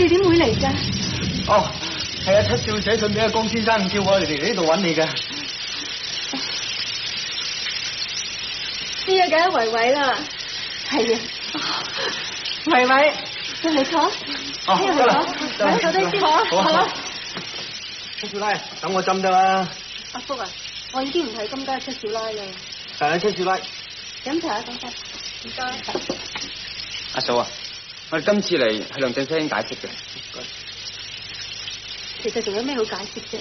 你點會嚟噶？哦，係啊，七少奶寫信俾阿江先生叫我哋嚟呢度揾你嘅。知、這個、啊，梗係維維啦。係啊，維維。你、啊啊、坐小小。哦，好。坐低先坐。好、啊好，啊好，啊好啊。七少奶，等我斟得啦。阿福啊，我已經唔係今家七少奶啦。係啊，七少奶。飲茶啊，阿叔。唔該、啊啊啊。阿嫂啊。我哋今次嚟係梁振聲解釋嘅，其實仲有咩好解釋啫？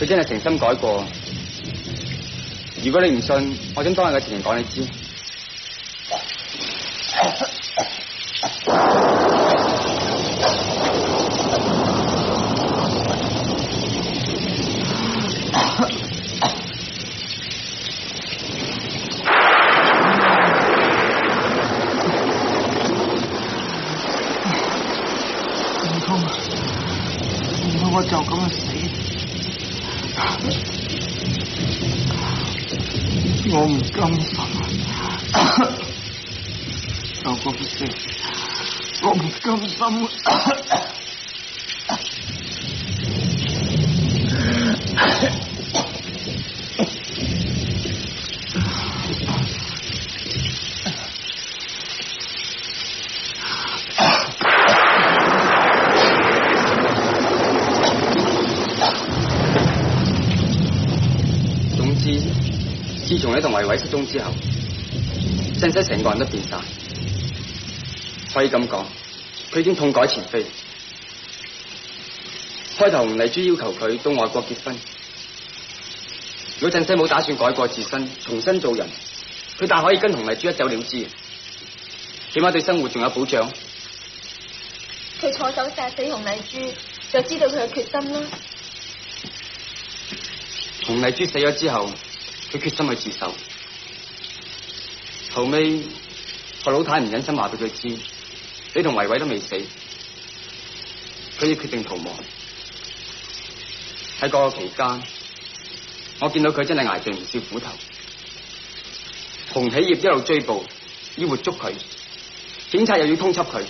佢真係誠心改過。如果你唔信，我請當日嘅事情講你知。 總之，自從你同維維失蹤之後，鄭仔成個人都變晒，可以咁講。佢已經痛改前非，開頭紅麗珠要求佢到外國結婚，如果振西冇打算改過自身，重新做人，佢大可以跟紅麗珠一走了之，起碼對生活仲有保障。佢坐手殺死紅麗珠，就知道佢嘅決心啦。紅麗珠死咗之後，佢決心去自首，後尾個老太唔忍心話俾佢知。你同維維都未死，佢要決定逃亡。喺嗰個期間，我見到佢真係挨盡唔少苦頭。洪啟業一路追捕，要活捉佢；警察又要通緝佢。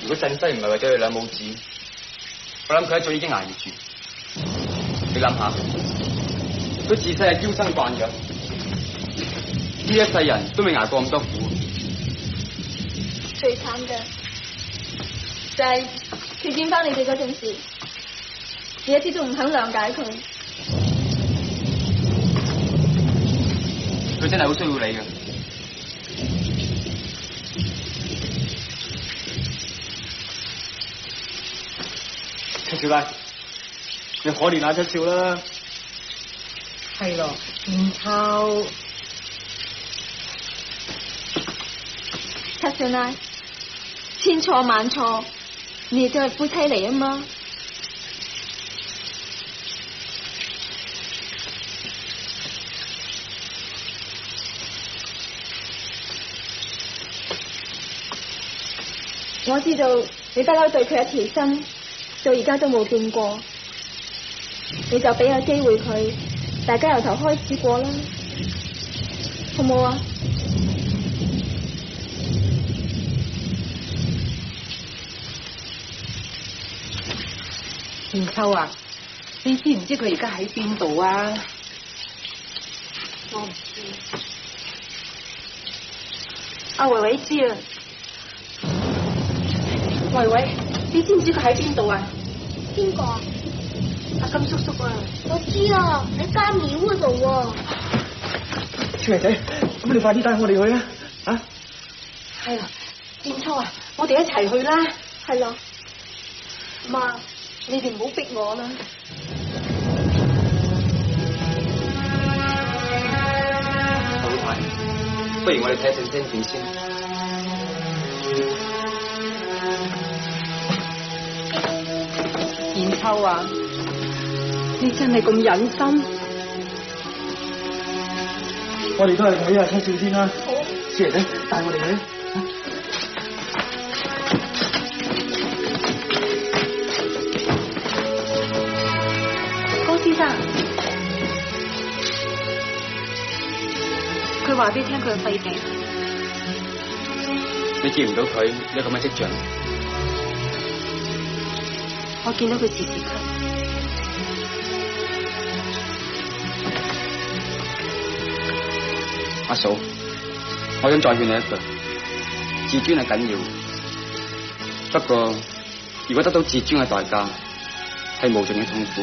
如果震西唔係為咗佢兩母子，我諗佢一早已經挨唔住。你諗下，佢自細係嬌生慣養。呢一世人，都未挨過咁多苦。最慘嘅就係重建翻你幾個小時，你一啲都唔肯諒解佢。佢真係好需要你嘅。七少奶，你可憐下七少啦。係咯，唔抄。算啦，千錯萬錯，你哋都係夫妻嚟啊嘛！我知道你不嬲對佢一條心，到而家都冇見過，你就俾個機會佢，大家由頭開始過啦，好唔好啊？燕秋啊，你知唔知佢而家喺邊度啊？我唔知。阿維維知啊，維維，你知唔知佢喺邊度啊？邊個啊？阿金叔叔啊，我知啊，喺家廟嗰度。小葵仔，咁你快啲帶我哋去啦，啊？係啊，燕秋啊，我哋一齊去啦，係咯啊，媽。你哋唔好逼我啦，好，不如我哋睇證證件先。燕秋啊，你真係咁忍心？我哋都係睇下七少先啦。好，小爺仔，帶我哋去。先生，佢話俾你聽，佢嘅肺病，你見唔到佢有咁嘅跡象？我見到佢時時咳。阿嫂，我想再勸你一次。自尊係緊要，不過如果得到自尊嘅代價，係無盡嘅痛苦。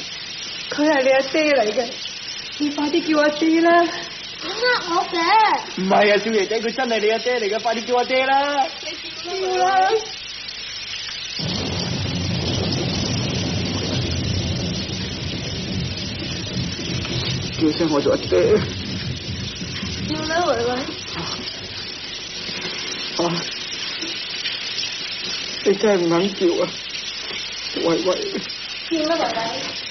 佢係你阿爹嚟嘅，你快啲叫阿爹啦！你、啊、呃我嘅？唔係啊，小爺仔，佢真係你阿爹嚟嘅，快啲叫阿爹啦！叫啦！叫聲我做阿爹。叫啦，維維。啊！你真係唔肯叫啊，維維。叫啦，維維。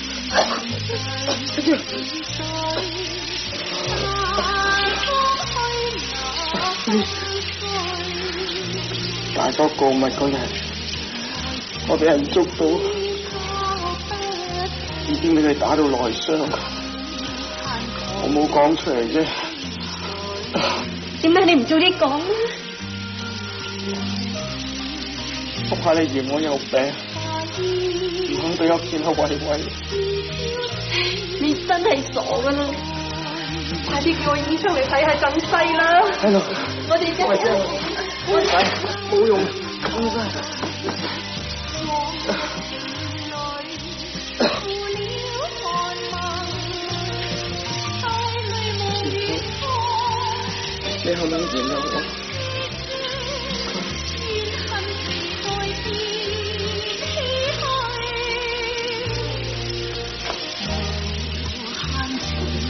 大哥，告密嗰日，我被人捉到，已經被佢打到內傷，我冇講出嚟啫。點解你唔早啲講？我怕你嫌我有病，唔想我見到維維。你真係傻噶啦！快啲叫我醫生嚟睇下更細啦！係囉，我哋真係冇用，唔該。你好，你好。